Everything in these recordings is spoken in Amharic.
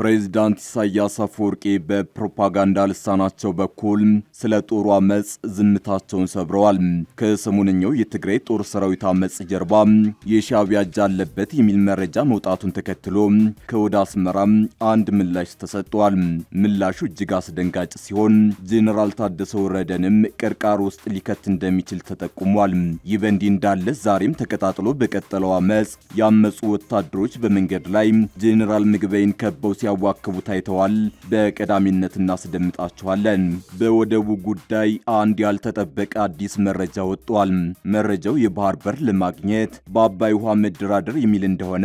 ፕሬዚዳንት ኢሳያስ አፈወርቂ በፕሮፓጋንዳ ልሳናቸው በኩል ስለ ጦሩ አመፅ ዝምታቸውን ሰብረዋል። ከሰሞነኛው የትግራይ ጦር ሰራዊት አመፅ ጀርባ የሻዕቢያ እጅ አለበት የሚል መረጃ መውጣቱን ተከትሎ ከወደ አስመራ አንድ ምላሽ ተሰጥቷል። ምላሹ እጅግ አስደንጋጭ ሲሆን ጄኔራል ታደሰ ወረደንም ቅርቃር ውስጥ ሊከት እንደሚችል ተጠቁሟል። ይህ በእንዲህ እንዳለ ዛሬም ተቀጣጥሎ በቀጠለው አመፅ ያመፁ ወታደሮች በመንገድ ላይ ጄኔራል ምግበይን ከበው ሲያዋክቡ ታይተዋል። በቀዳሚነት እናስደምጣችኋለን። በወደቡ ጉዳይ አንድ ያልተጠበቀ አዲስ መረጃ ወጥቷል። መረጃው የባህር በር ለማግኘት በአባይ ውሃ መደራደር የሚል እንደሆነ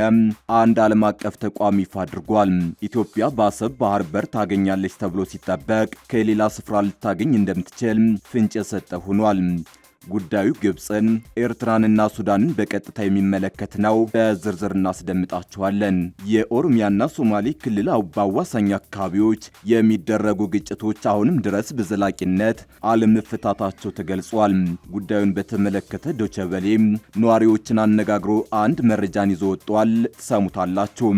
አንድ ዓለም አቀፍ ተቋም ይፋ አድርጓል። ኢትዮጵያ በአሰብ ባህር በር ታገኛለች ተብሎ ሲጠበቅ ከሌላ ስፍራ ልታገኝ እንደምትችል ፍንጭ የሰጠ ሆኗል። ጉዳዩ ግብፅን፣ ኤርትራንና ሱዳንን በቀጥታ የሚመለከት ነው። በዝርዝር እናስደምጣችኋለን። የኦሮሚያና ሶማሌ ክልል በአዋሳኝ አካባቢዎች የሚደረጉ ግጭቶች አሁንም ድረስ በዘላቂነት አለመፈታታቸው ተገልጿል። ጉዳዩን በተመለከተ ዶቸበሌም ነዋሪዎችን አነጋግሮ አንድ መረጃን ይዞ ወጥቷል። ትሰሙታላችሁ።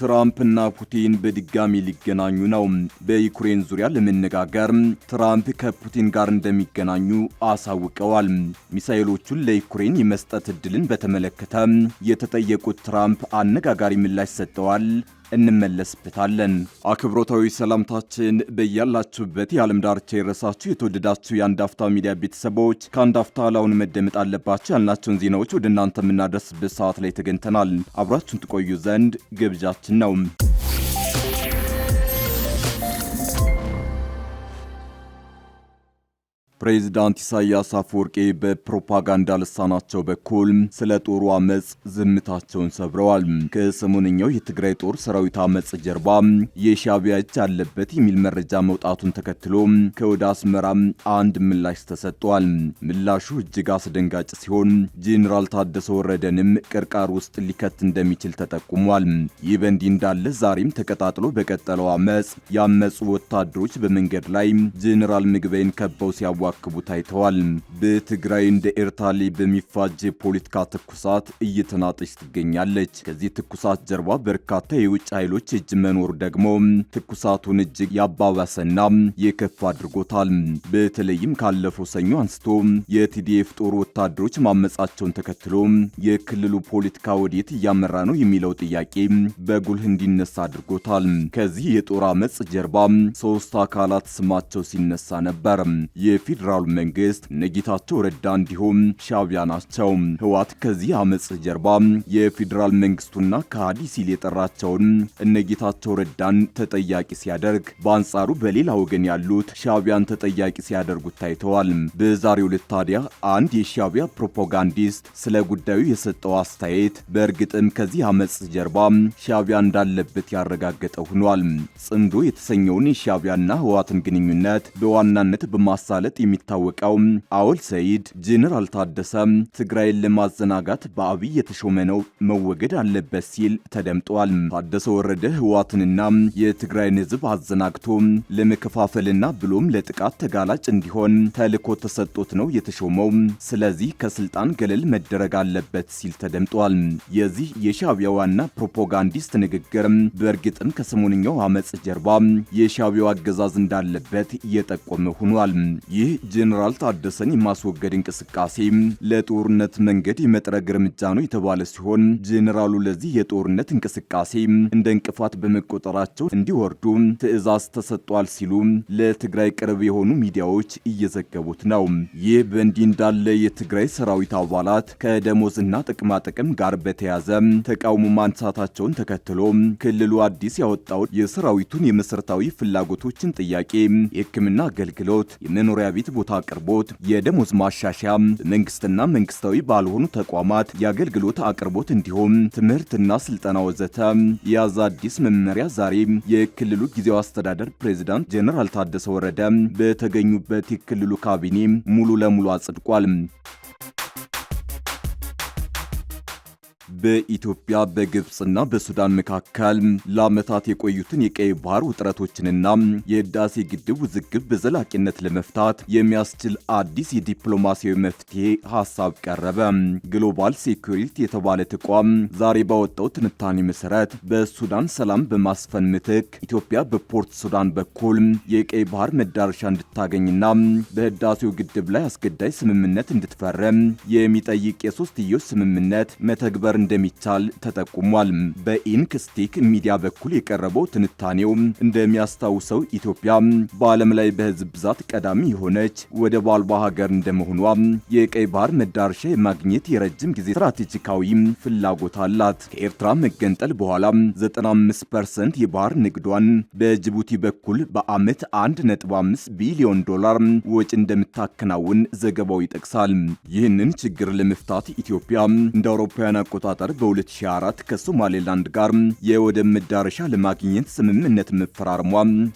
ትራምፕና ፑቲን በድጋሚ ሊገናኙ ነው። በዩክሬን ዙሪያ ለመነጋገር ትራምፕ ከፑቲን ጋር እንደሚገናኙ አሳውቀዋል። ሚሳኤሎቹን ለዩክሬን የመስጠት እድልን በተመለከተ የተጠየቁት ትራምፕ አነጋጋሪ ምላሽ ሰጥተዋል። እንመለስበታለን። አክብሮታዊ ሰላምታችን በያላችሁበት የዓለም ዳርቻ የረሳችሁ የተወደዳችሁ የአንድ አፍታ ሚዲያ ቤተሰቦች ከአንድ አፍታ ላሁን መደመጥ አለባቸው ያልናቸውን ዜናዎች ወደ እናንተ የምናደርስበት ሰዓት ላይ ተገኝተናል። አብራችሁን ትቆዩ ዘንድ ግብዣችን ነው። ፕሬዚዳንት ኢሳያስ አፈወርቄ በፕሮፓጋንዳ ልሳናቸው በኩል ስለ ጦሩ አመፅ ዝምታቸውን ሰብረዋል። ከሰሞነኛው የትግራይ ጦር ሰራዊት አመፅ ጀርባ የሻዕቢያ እጅ አለበት የሚል መረጃ መውጣቱን ተከትሎ ከወደ አስመራ አንድ ምላሽ ተሰጥቷል። ምላሹ እጅግ አስደንጋጭ ሲሆን ጄኔራል ታደሰ ወረደንም ቅርቃር ውስጥ ሊከት እንደሚችል ተጠቁሟል። ይህ በእንዲህ እንዳለ ዛሬም ተቀጣጥሎ በቀጠለው አመፅ ያመፁ ወታደሮች በመንገድ ላይ ጄኔራል ምግበይን ከበው ሲያዋ ሲያዋክቡ ታይተዋል። በትግራይ እንደ ኤርታሌ በሚፋጅ የፖለቲካ ትኩሳት እየተናጠች ትገኛለች። ከዚህ ትኩሳት ጀርባ በርካታ የውጭ ኃይሎች እጅ መኖር ደግሞ ትኩሳቱን እጅግ ያባባሰና የከፍ አድርጎታል። በተለይም ካለፈው ሰኞ አንስቶ የቲዲኤፍ ጦር ወታደሮች ማመጻቸውን ተከትሎ የክልሉ ፖለቲካ ወዴት እያመራ ነው የሚለው ጥያቄ በጉልህ እንዲነሳ አድርጎታል። ከዚህ የጦር አመጽ ጀርባ ሶስት አካላት ስማቸው ሲነሳ ነበር። የፊድ የፌዴራል መንግስት እነ ጌታቸው ረዳ እንዲሁም ሻቢያ ናቸው። ህወሓት ከዚህ አመፅ ጀርባ የፌዴራል መንግስቱና ከሃዲ ሲል የጠራቸውን እነ ጌታቸው ረዳን ተጠያቂ ሲያደርግ፣ በአንጻሩ በሌላ ወገን ያሉት ሻቢያን ተጠያቂ ሲያደርጉት ታይተዋል። በዛሬው ዕለት ታዲያ አንድ የሻቢያ ፕሮፓጋንዲስት ስለ ጉዳዩ የሰጠው አስተያየት በእርግጥም ከዚህ አመፅ ጀርባ ሻቢያ እንዳለበት ያረጋገጠ ሆኗል። ጽንዶ የተሰኘውን የሻቢያና ህወሓትን ግንኙነት በዋናነት በማሳለጥ የሚታወቀው አወል ሰይድ ጄኔራል ታደሰ ትግራይን ለማዘናጋት በአብይ የተሾመ ነው መወገድ አለበት ሲል ተደምጧል። ታደሰ ወረደ ህዋትንና የትግራይን ህዝብ አዘናግቶ ለመከፋፈልና ብሎም ለጥቃት ተጋላጭ እንዲሆን ተልዕኮ ተሰጦት ነው የተሾመው። ስለዚህ ከስልጣን ገለል መደረግ አለበት ሲል ተደምጧል። የዚህ የሻቢያ ዋና ፕሮፓጋንዲስት ንግግር በእርግጥም ከሰሞንኛው አመፅ ጀርባ የሻቢያው አገዛዝ እንዳለበት እየጠቆመ ሆኗል። ይህ ጄኔራል ታደሰን የማስወገድ እንቅስቃሴ ለጦርነት መንገድ የመጥረግ እርምጃ ነው የተባለ ሲሆን ጄኔራሉ ለዚህ የጦርነት እንቅስቃሴ እንደ እንቅፋት በመቆጠራቸው እንዲወርዱ ትዕዛዝ ተሰጥቷል ሲሉ ለትግራይ ቅርብ የሆኑ ሚዲያዎች እየዘገቡት ነው። ይህ በእንዲህ እንዳለ የትግራይ ሰራዊት አባላት ከደሞዝና ጥቅማጥቅም ጋር በተያዘ ተቃውሞ ማንሳታቸውን ተከትሎ ክልሉ አዲስ ያወጣው የሰራዊቱን የመሰረታዊ ፍላጎቶችን ጥያቄ የሕክምና አገልግሎት፣ የመኖሪያ ቤት የመኖሪያ ቦታ አቅርቦት፣ የደሞዝ ማሻሻያ፣ መንግስትና መንግስታዊ ባልሆኑ ተቋማት የአገልግሎት አቅርቦት እንዲሁም ትምህርትና ስልጠና ወዘተ የያዘ አዲስ መመሪያ ዛሬ የክልሉ ጊዜው አስተዳደር ፕሬዚዳንት ጀነራል ታደሰ ወረደ በተገኙበት የክልሉ ካቢኔ ሙሉ ለሙሉ አጽድቋል። በኢትዮጵያ በግብፅና በሱዳን መካከል ለዓመታት የቆዩትን የቀይ ባህር ውጥረቶችንና የህዳሴ ግድብ ውዝግብ በዘላቂነት ለመፍታት የሚያስችል አዲስ የዲፕሎማሲያዊ መፍትሄ ሀሳብ ቀረበ። ግሎባል ሴኩሪቲ የተባለ ተቋም ዛሬ ባወጣው ትንታኔ መሰረት በሱዳን ሰላም በማስፈን ምትክ ኢትዮጵያ በፖርት ሱዳን በኩል የቀይ ባህር መዳረሻ እንድታገኝና በህዳሴው ግድብ ላይ አስገዳጅ ስምምነት እንድትፈረም የሚጠይቅ የሶስትዮሽ ስምምነት መተግበር እንደሚቻል ተጠቁሟል። በኢንክስቲክ ሚዲያ በኩል የቀረበው ትንታኔው እንደሚያስታውሰው ኢትዮጵያ በዓለም ላይ በህዝብ ብዛት ቀዳሚ የሆነች ወደብ አልባ ሀገር እንደመሆኗ የቀይ ባህር መዳረሻ የማግኘት የረጅም ጊዜ ስትራቴጂካዊ ፍላጎት አላት። ከኤርትራ መገንጠል በኋላ 95 ፐርሰንት የባህር ንግዷን በጅቡቲ በኩል በዓመት 1.5 ቢሊዮን ዶላር ወጪ እንደምታከናውን ዘገባው ይጠቅሳል። ይህንን ችግር ለመፍታት ኢትዮጵያ እንደ አውሮፓውያን አቆጣጠር አቆጣጠር በ2004 ከሶማሌላንድ ጋር የወደብ መዳረሻ ለማግኘት ስምምነት መፈራርሟ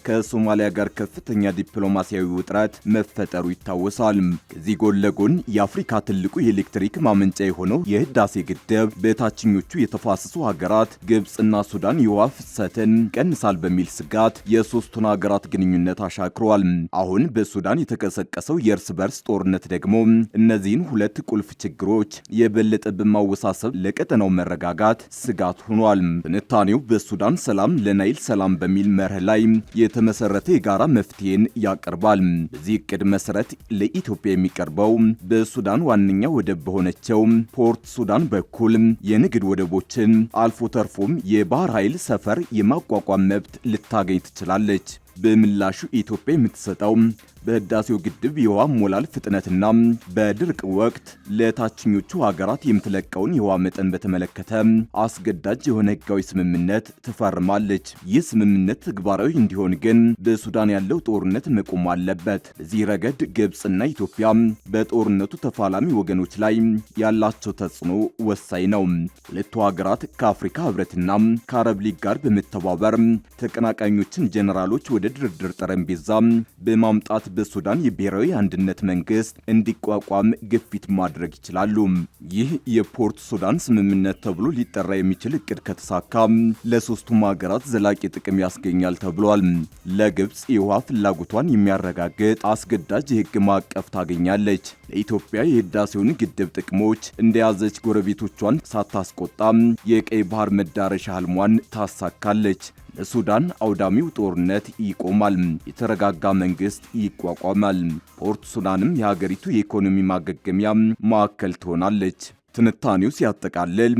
ከሶማሊያ ጋር ከፍተኛ ዲፕሎማሲያዊ ውጥረት መፈጠሩ ይታወሳል። ከዚህ ጎን ለጎን የአፍሪካ ትልቁ የኤሌክትሪክ ማመንጫ የሆነው የህዳሴ ግድብ በታችኞቹ የተፋሰሱ ሀገራት ግብፅና ሱዳን የውሃ ፍሰትን ቀንሳል በሚል ስጋት የሶስቱን ሀገራት ግንኙነት አሻክሯል። አሁን በሱዳን የተቀሰቀሰው የእርስ በርስ ጦርነት ደግሞ እነዚህን ሁለት ቁልፍ ችግሮች የበለጠ በማወሳሰብ ለቀጠ ለቀጠናው መረጋጋት ስጋት ሆኗል። ትንታኔው በሱዳን ሰላም ለናይል ሰላም በሚል መርህ ላይ የተመሰረተ የጋራ መፍትሄን ያቀርባል። በዚህ እቅድ መሰረት ለኢትዮጵያ የሚቀርበው በሱዳን ዋነኛ ወደብ በሆነችው ፖርት ሱዳን በኩል የንግድ ወደቦችን አልፎ ተርፎም የባህር ኃይል ሰፈር የማቋቋም መብት ልታገኝ ትችላለች። በምላሹ ኢትዮጵያ የምትሰጠው በህዳሴው ግድብ የውሃ ሞላል ፍጥነትና በድርቅ ወቅት ለታችኞቹ ሀገራት የምትለቀውን የውሃ መጠን በተመለከተ አስገዳጅ የሆነ ህጋዊ ስምምነት ትፈርማለች። ይህ ስምምነት ተግባራዊ እንዲሆን ግን በሱዳን ያለው ጦርነት መቆም አለበት። በዚህ ረገድ ግብፅና ኢትዮጵያ በጦርነቱ ተፋላሚ ወገኖች ላይ ያላቸው ተጽዕኖ ወሳኝ ነው። ሁለቱ ሀገራት ከአፍሪካ ህብረትና ከአረብ ሊግ ጋር በመተባበር ተቀናቃኞችን ጀኔራሎች ወደ ድርድር ጠረጴዛ በማምጣት በሱዳን የብሔራዊ አንድነት መንግስት እንዲቋቋም ግፊት ማድረግ ይችላሉ። ይህ የፖርት ሱዳን ስምምነት ተብሎ ሊጠራ የሚችል እቅድ ከተሳካ ለሶስቱም ሀገራት ዘላቂ ጥቅም ያስገኛል ተብሏል። ለግብፅ የውሃ ፍላጎቷን የሚያረጋግጥ አስገዳጅ የህግ ማዕቀፍ ታገኛለች። ለኢትዮጵያ የህዳሴውን ግድብ ጥቅሞች እንደያዘች ጎረቤቶቿን ሳታስቆጣ የቀይ ባህር መዳረሻ ህልሟን ታሳካለች። ለሱዳን አውዳሚው ጦርነት ይቆማል፣ የተረጋጋ መንግስት ይቋቋማል፣ ፖርት ሱዳንም የሀገሪቱ የኢኮኖሚ ማገገሚያ ማዕከል ትሆናለች። ትንታኔው ሲያጠቃልል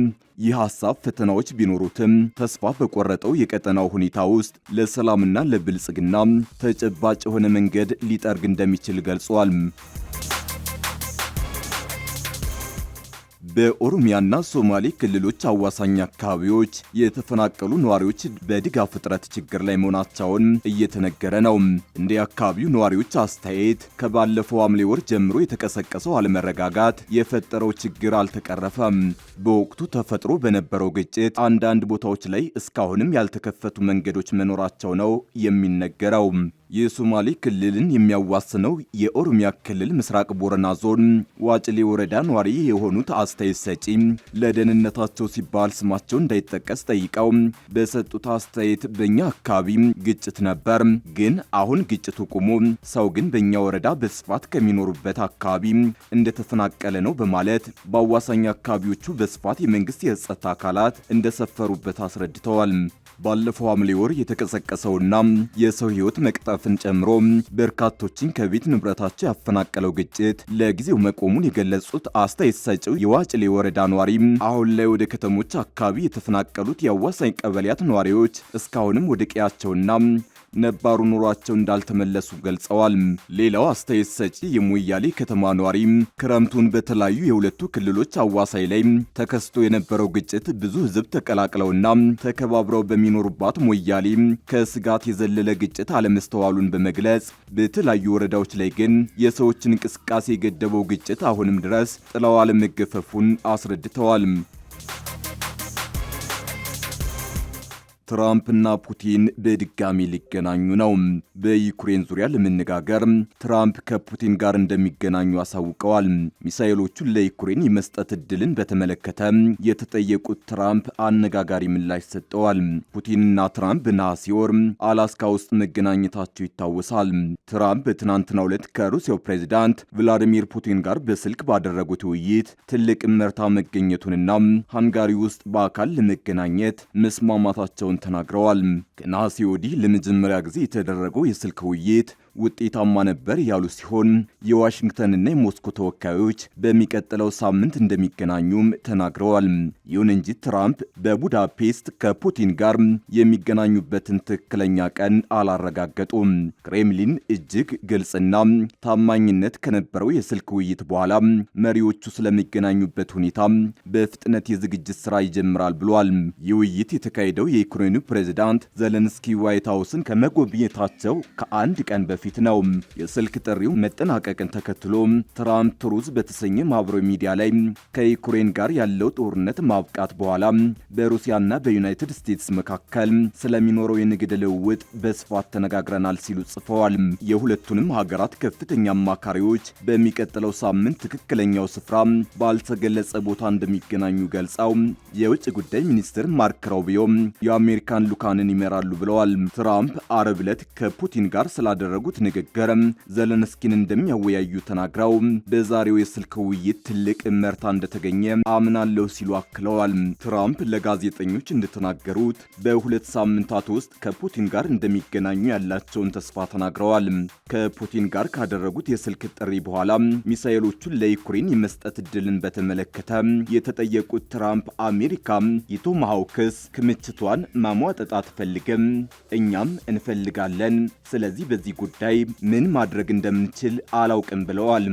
ይህ ሐሳብ ፈተናዎች ቢኖሩትም ተስፋ በቆረጠው የቀጠናው ሁኔታ ውስጥ ለሰላምና ለብልጽግና ተጨባጭ የሆነ መንገድ ሊጠርግ እንደሚችል ገልጿል። በኦሮሚያና ሶማሌ ክልሎች አዋሳኝ አካባቢዎች የተፈናቀሉ ነዋሪዎች በድጋፍ እጥረት ችግር ላይ መሆናቸውን እየተነገረ ነው። እንደ አካባቢው ነዋሪዎች አስተያየት ከባለፈው ሐምሌ ወር ጀምሮ የተቀሰቀሰው አለመረጋጋት የፈጠረው ችግር አልተቀረፈም። በወቅቱ ተፈጥሮ በነበረው ግጭት አንዳንድ ቦታዎች ላይ እስካሁንም ያልተከፈቱ መንገዶች መኖራቸው ነው የሚነገረው። የሶማሌ ክልልን የሚያዋስነው የኦሮሚያ ክልል ምስራቅ ቦረና ዞን ዋጭሌ ወረዳ ነዋሪ የሆኑት አስተያየት ሰጪ ለደህንነታቸው ሲባል ስማቸው እንዳይጠቀስ ጠይቀው በሰጡት አስተያየት በእኛ አካባቢ ግጭት ነበር፣ ግን አሁን ግጭቱ ቁሞ ሰው ግን በእኛ ወረዳ በስፋት ከሚኖሩበት አካባቢ እንደተፈናቀለ ነው በማለት በአዋሳኝ አካባቢዎቹ በስፋት የመንግስት የጸጥታ አካላት እንደሰፈሩበት አስረድተዋል። ባለፈው ሐምሌ ወር የተቀሰቀሰውና የሰው ህይወት መቅጠ። ማዕቀፍን ጨምሮ በርካቶችን ከቤት ንብረታቸው ያፈናቀለው ግጭት ለጊዜው መቆሙን የገለጹት አስተያየት ሰጪው የዋጭሌ ወረዳ ነዋሪ አሁን ላይ ወደ ከተሞች አካባቢ የተፈናቀሉት የአዋሳኝ ቀበሌያት ነዋሪዎች እስካሁንም ወደ ቀያቸውና ነባሩ ኑሯቸው እንዳልተመለሱ ገልጸዋል። ሌላው አስተያየት ሰጪ የሞያሌ ከተማ ነዋሪ ክረምቱን በተለያዩ የሁለቱ ክልሎች አዋሳኝ ላይ ተከስቶ የነበረው ግጭት ብዙ ህዝብ ተቀላቅለውና ተከባብረው በሚኖሩባት ሞያሌ ከስጋት የዘለለ ግጭት አለመስተዋሉን በመግለጽ በተለያዩ ወረዳዎች ላይ ግን የሰዎችን እንቅስቃሴ የገደበው ግጭት አሁንም ድረስ ጥለው አለመገፈፉን አስረድተዋል። ትራምፕና ፑቲን በድጋሚ ሊገናኙ ነው። በዩክሬን ዙሪያ ለመነጋገር ትራምፕ ከፑቲን ጋር እንደሚገናኙ አሳውቀዋል። ሚሳኤሎቹን ለዩክሬን የመስጠት እድልን በተመለከተ የተጠየቁት ትራምፕ አነጋጋሪ ምላሽ ሰጥተዋል። ፑቲንና ትራምፕ በነሐሴ ወር አላስካ ውስጥ መገናኘታቸው ይታወሳል። ትራምፕ በትናንትናው ዕለት ከሩሲያው ፕሬዚዳንት ቭላዲሚር ፑቲን ጋር በስልክ ባደረጉት ውይይት ትልቅ እመርታ መገኘቱንና ሃንጋሪ ውስጥ በአካል ለመገናኘት መስማማታቸውን ተናግረዋል። ከነሐሴ ወዲህ ለመጀመሪያ ጊዜ የተደረገው የስልክ ውይይት ውጤታማ ነበር ያሉ ሲሆን የዋሽንግተንና የሞስኮ ተወካዮች በሚቀጥለው ሳምንት እንደሚገናኙም ተናግረዋል። ይሁን እንጂ ትራምፕ በቡዳፔስት ከፑቲን ጋር የሚገናኙበትን ትክክለኛ ቀን አላረጋገጡም። ክሬምሊን እጅግ ግልጽና ታማኝነት ከነበረው የስልክ ውይይት በኋላ መሪዎቹ ስለሚገናኙበት ሁኔታ በፍጥነት የዝግጅት ስራ ይጀምራል ብሏል። ይህ ውይይት የተካሄደው የዩክሬኑ ፕሬዚዳንት ዘለንስኪ ዋይት ሀውስን ከመጎብኘታቸው ከአንድ ቀን በፊት በፊት ነው። የስልክ ጥሪው መጠናቀቅን ተከትሎ ትራምፕ ትሩዝ በተሰኘ ማህበራዊ ሚዲያ ላይ ከዩክሬን ጋር ያለው ጦርነት ማብቃት በኋላ በሩሲያና በዩናይትድ ስቴትስ መካከል ስለሚኖረው የንግድ ልውውጥ በስፋት ተነጋግረናል ሲሉ ጽፈዋል። የሁለቱንም ሀገራት ከፍተኛ አማካሪዎች በሚቀጥለው ሳምንት ትክክለኛው ስፍራ ባልተገለጸ ቦታ እንደሚገናኙ ገልጸው የውጭ ጉዳይ ሚኒስትር ማርክ ሮቢዮ የአሜሪካን ሉካንን ይመራሉ ብለዋል። ትራምፕ አረብ ዕለት ከፑቲን ጋር ስላደረጉት ባደረጉት ንግግር ዘለንስኪን እንደሚያወያዩ ተናግረው በዛሬው የስልክ ውይይት ትልቅ እመርታ እንደተገኘ አምናለሁ ሲሉ አክለዋል። ትራምፕ ለጋዜጠኞች እንደተናገሩት በሁለት ሳምንታት ውስጥ ከፑቲን ጋር እንደሚገናኙ ያላቸውን ተስፋ ተናግረዋል። ከፑቲን ጋር ካደረጉት የስልክ ጥሪ በኋላ ሚሳኤሎቹን ለዩክሬን የመስጠት እድልን በተመለከተ የተጠየቁት ትራምፕ አሜሪካ የቶማሃውክስ ክምችቷን ማሟጠጣ አትፈልግም፣ እኛም እንፈልጋለን። ስለዚህ በዚህ ጉዳይ ጉዳይ ምን ማድረግ እንደምንችል አላውቅም ብለዋል።